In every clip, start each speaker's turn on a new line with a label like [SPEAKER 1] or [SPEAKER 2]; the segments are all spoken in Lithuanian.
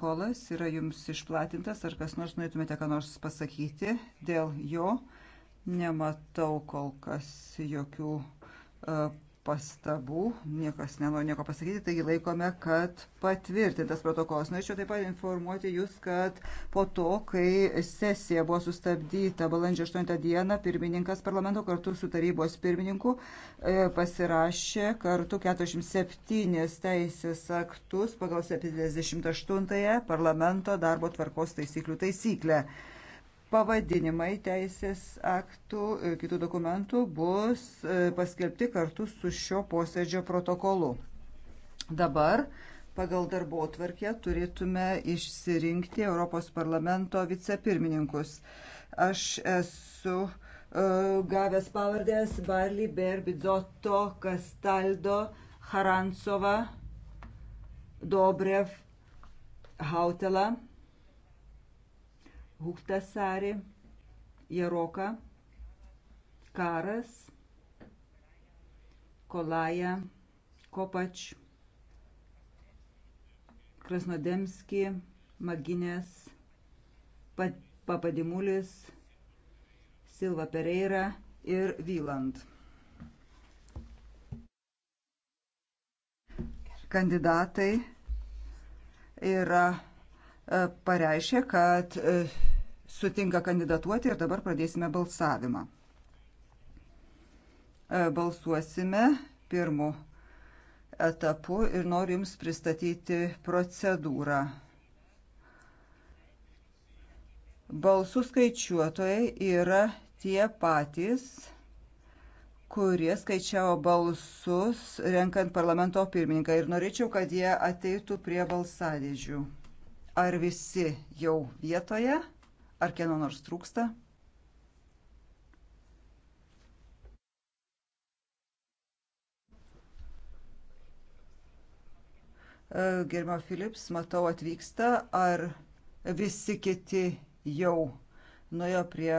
[SPEAKER 1] protokolas yra jums išplatintas, ar kas nors norėtumėte ką nors pasakyti dėl jo. Nematau kol kas jokių uh, pastabų, niekas nenori nieko pasakyti, taigi laikome, kad patvirtintas protokolas. Norėčiau taip pat informuoti Jūs, kad po to, kai sesija buvo sustabdyta balandžio 8 dieną, pirmininkas parlamento kartu su tarybos pirmininku e, pasirašė kartu 47 teisės aktus pagal 78 parlamento darbo tvarkos taisyklių taisyklę. Pavadinimai teisės aktų ir e, kitų dokumentų bus e, paskelbti kartu su šio posėdžio protokolu. Dabar pagal darbo tvarkę turėtume išsirinkti Europos parlamento vicepirmininkus. Aš esu uh, gavęs pavardės Barly, Berbidzoto, Kastaldo, Harantsova, Dobrev, Hautela. Huhtasari, Jaroka, Karas, Kolaja, Kopač, Krasnodemski, Maginės, Papadimulis, Silva Pereira ir Vyland. Kandidatai yra e, pareiškė, kad e, sutinka kandidatuoti ir dabar pradėsime balsavimą. E, balsuosime pirmu etapu ir noriu Jums pristatyti procedūrą. Balsų skaičiuotojai yra tie patys, kurie skaičiavo balsus renkant parlamento pirmininką ir norėčiau, kad jie ateitų prie balsadėžių. Ar visi jau vietoje? Ar kieno nors trūksta? E, Gerbiamo Philips, matau, atvyksta. Ar visi kiti jau nuėjo prie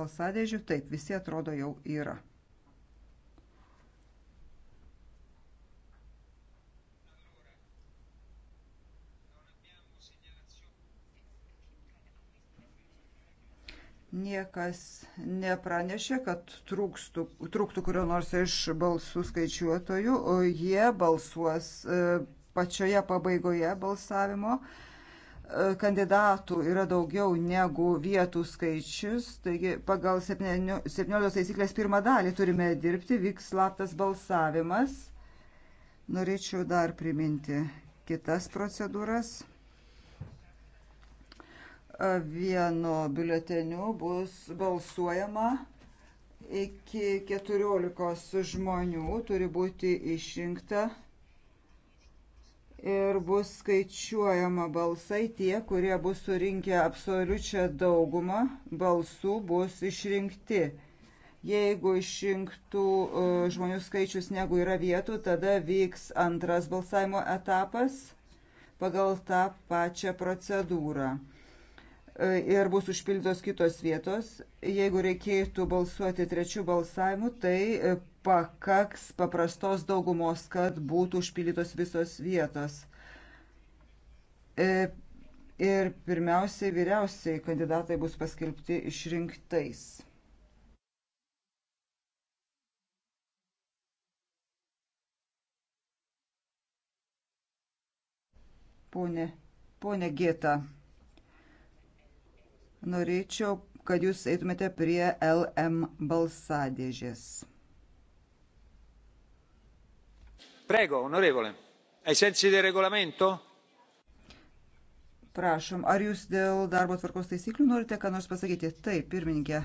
[SPEAKER 1] balsadėžių? Taip, visi atrodo jau yra. Niekas nepranešė, kad trūkstų, trūktų kurio nors iš balsų skaičiuotojų, o jie balsuos e, pačioje pabaigoje balsavimo e, kandidatų yra daugiau negu vietų skaičius, taigi pagal 17 taisyklės pirmą dalį turime dirbti, vyks slaptas balsavimas. Norėčiau dar priminti kitas procedūras vieno biuleteniu bus balsuojama iki 14 žmonių turi būti išrinkta ir bus skaičiuojama balsai tie, kurie bus surinkę absoliučią daugumą balsų, bus išrinkti. Jeigu išrinktų e, žmonių skaičius negu yra vietų, tada vyks antras balsavimo etapas pagal tą pačią procedūrą ir bus užpildytos kitos vietos. Jeigu reikėtų balsuoti trečių balsavimų, tai e, pakaks paprastos daugumos, kad būtų užpildytos visos vietos. E, ir pirmiausiai vyriausiai kandidatai bus paskelbti išrinktais. Pone, pone Gėta norėčiau, kad jūs eitumėte prie LM balsadėžės. Prego, onorevole. Ai sensi del regolamento? Prašom, ar jūs dėl darbo tvarkos taisyklių norite ką nors pasakyti? Taip, pirmininkė.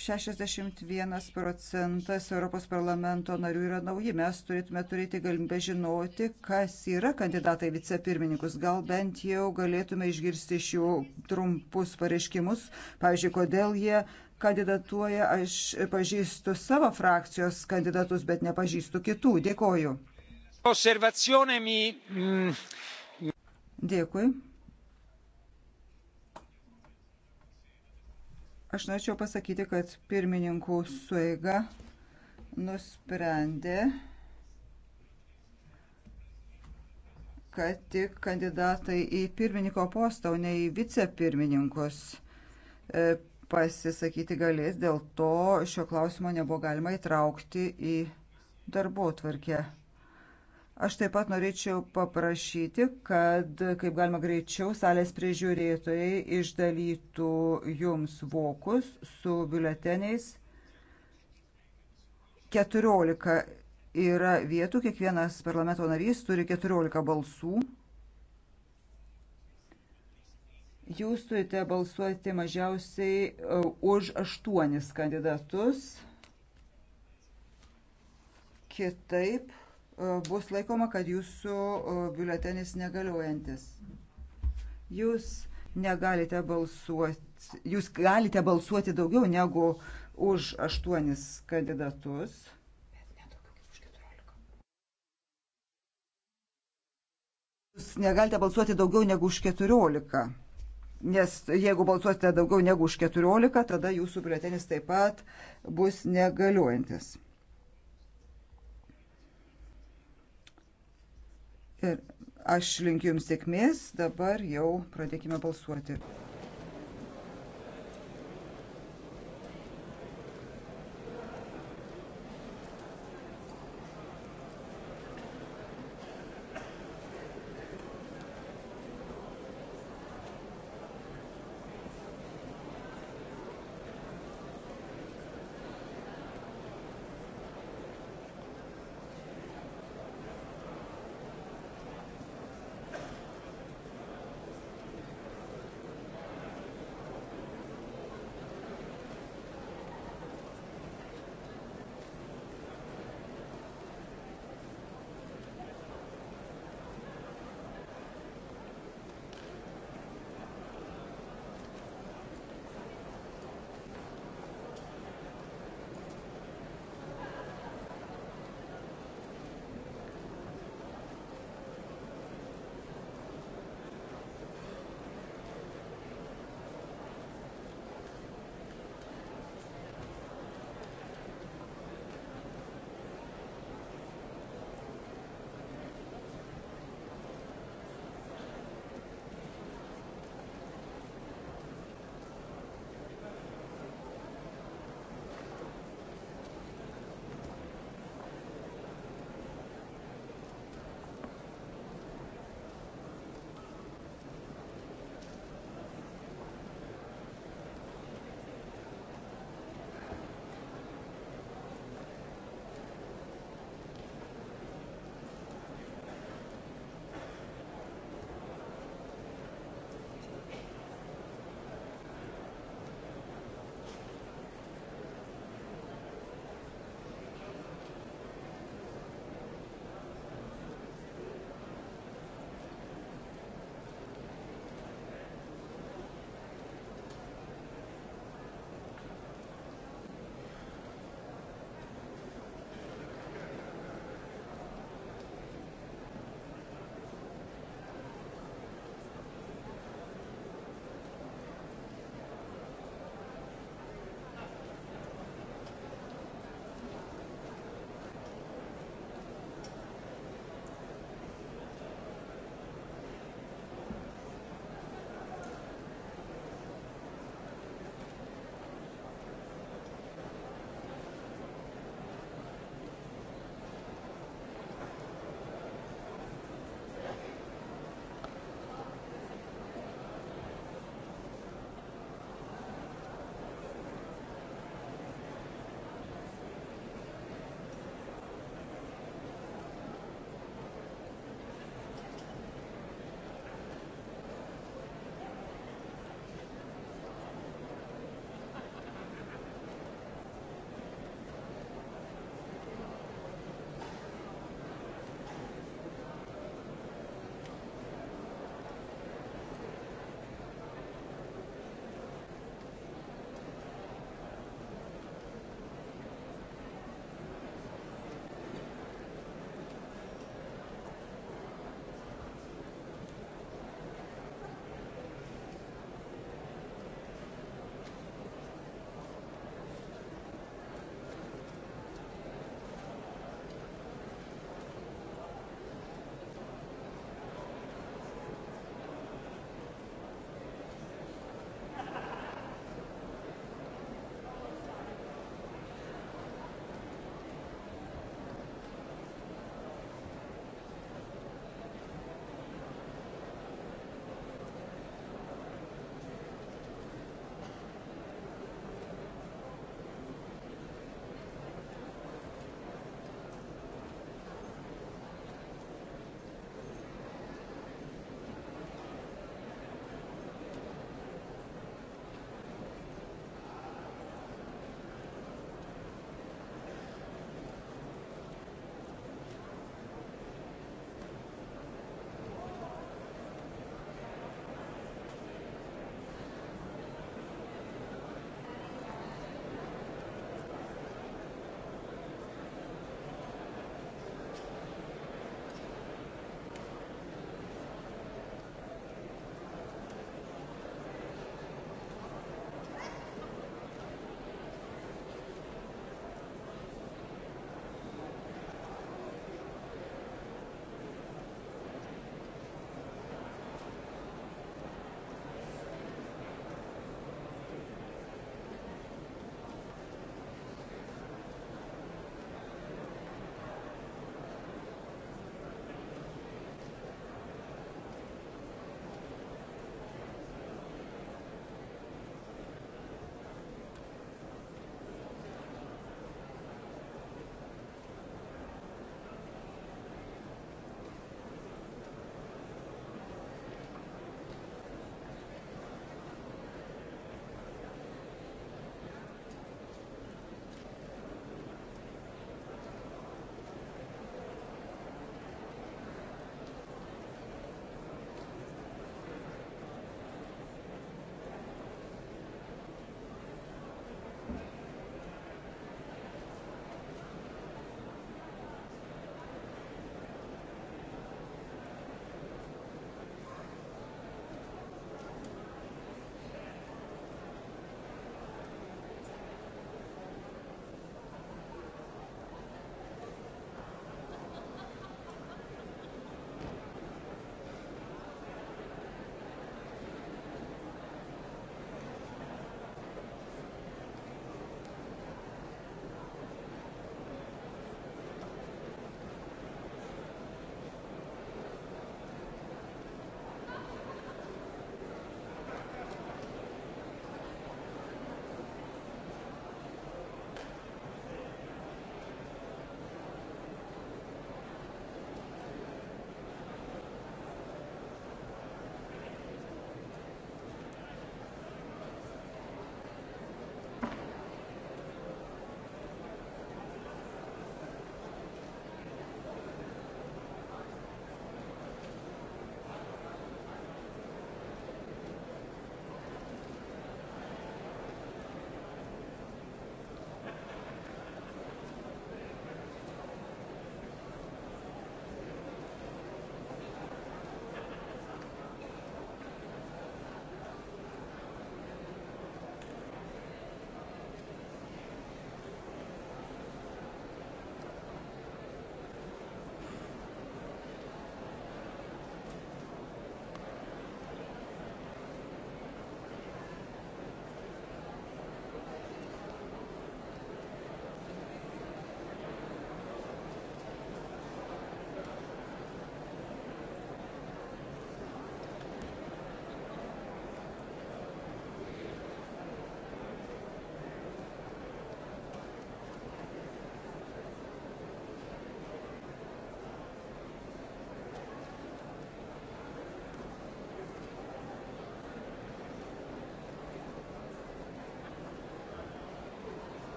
[SPEAKER 1] 61 procentas Europos parlamento narių yra nauji. Mes turėtume turėti galimybę žinoti, kas yra kandidatai vicepirmininkus. Gal bent jau galėtume išgirsti iš jų trumpus pareiškimus. Pavyzdžiui, kodėl jie kandidatuoja. Aš pažįstu savo frakcijos kandidatus, bet nepažįstu kitų. Dėkoju. Dėkui. Aš norėčiau pasakyti, kad pirmininkų sueiga nusprendė, kad tik kandidatai į pirmininko postą, o ne į vicepirmininkus e, pasisakyti galės, dėl to šio klausimo nebuvo galima įtraukti į darbo tvarkę. Aš taip pat norėčiau paprašyti, kad kaip galima greičiau salės prižiūrėtojai išdalytų jums vokus su biuleteniais. 14 yra vietų, kiekvienas parlamento narys turi 14 balsų. Jūs turite balsuoti mažiausiai e, už 8 kandidatus. Kitaip bus laikoma, kad jūsų biuletenis negaliojantis. Jūs negalite balsuoti, jūs galite balsuoti daugiau negu už aštuonis kandidatus. Jūs negalite balsuoti daugiau negu už 14. Nes jeigu balsuosite daugiau negu už 14, tada jūsų biuletenis taip pat bus negaliojantis. Ir aš linkiu Jums sėkmės, dabar jau pradėkime balsuoti.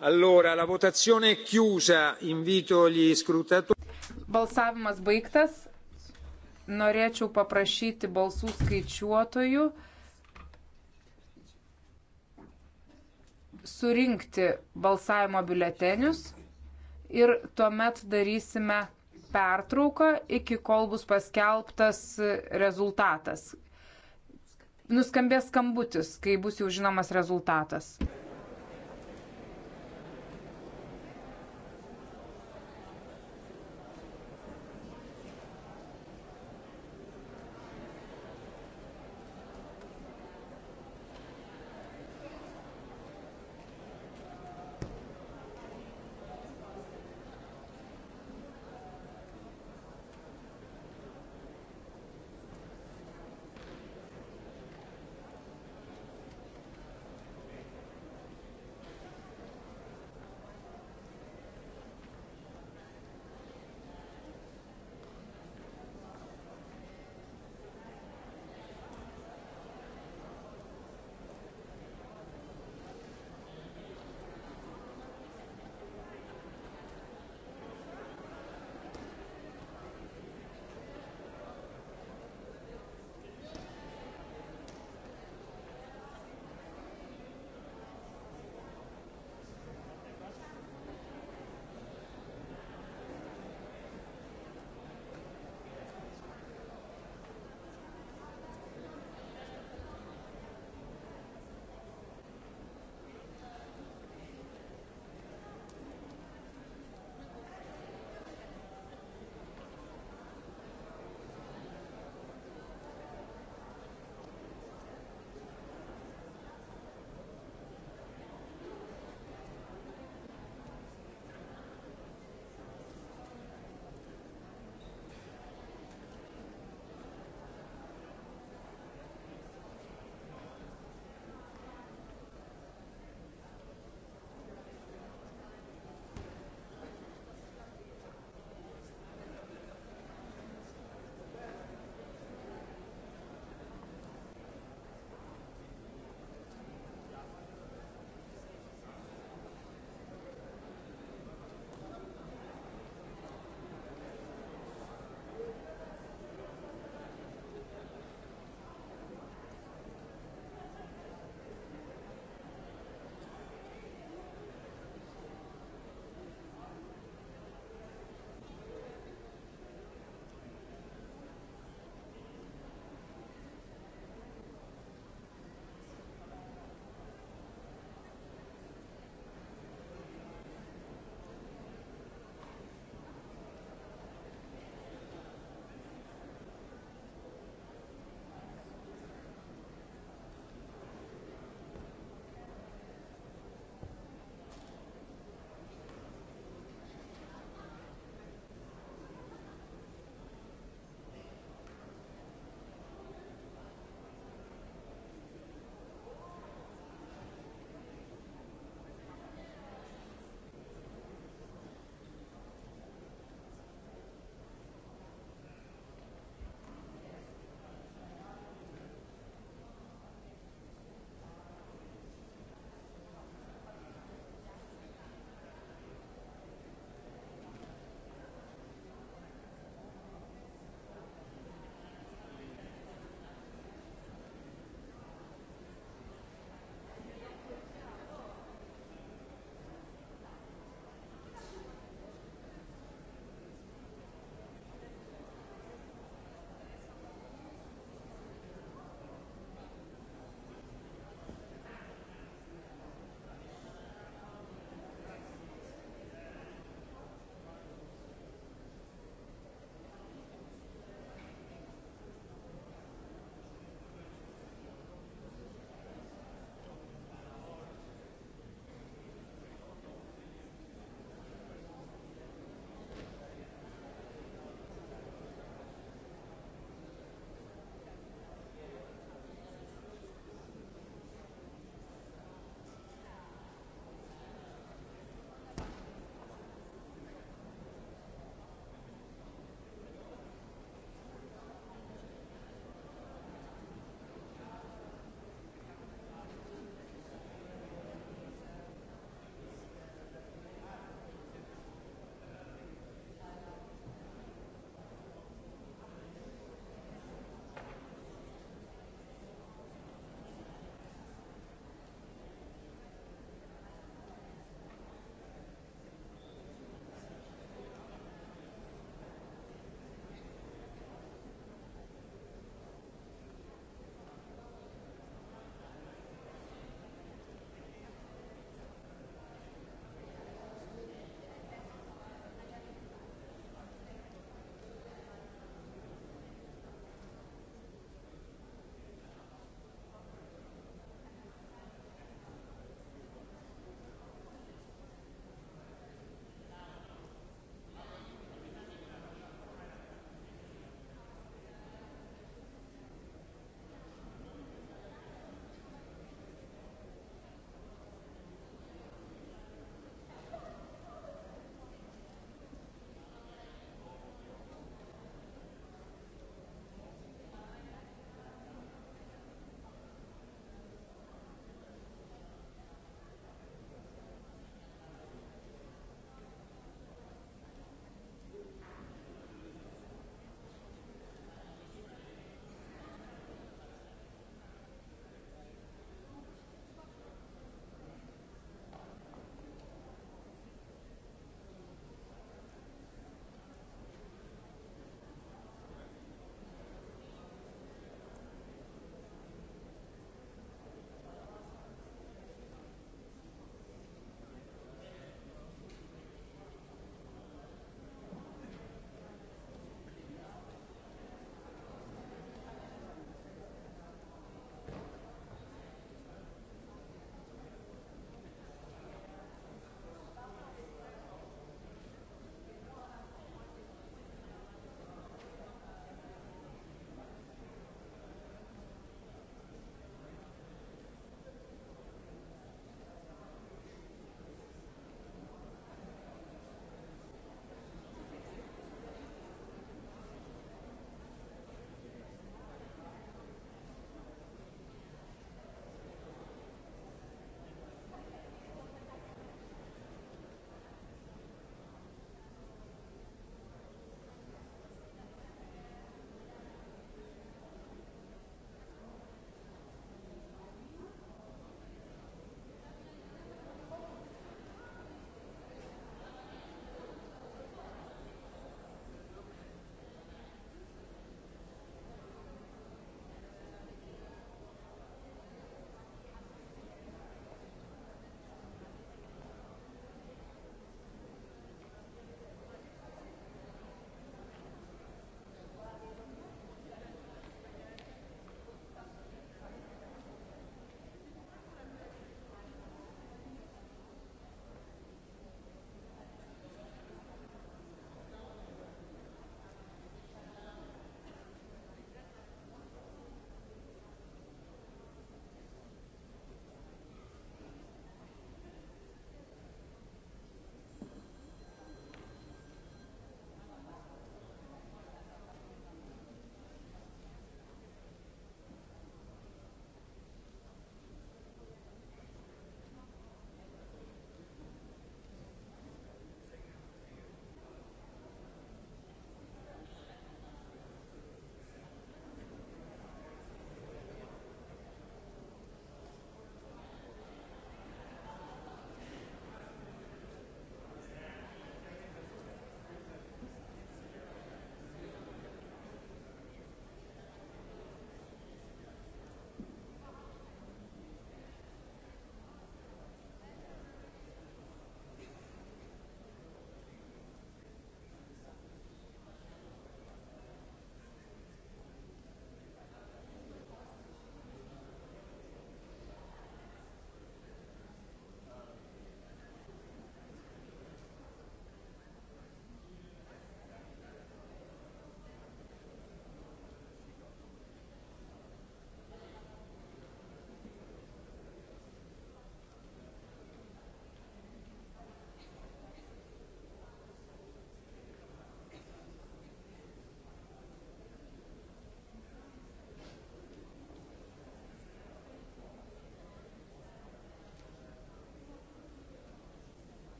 [SPEAKER 1] Allora, la votazione è chiusa. Invito gli scrutatori. Balsavimas baigtas. Norėčiau paprašyti balsų skaičiuotojų surinkti balsavimo biuletenius ir tuomet darysime pertrauką iki kol bus paskelbtas rezultatas. Nuskambės skambutis, kai bus jau žinomas rezultatas.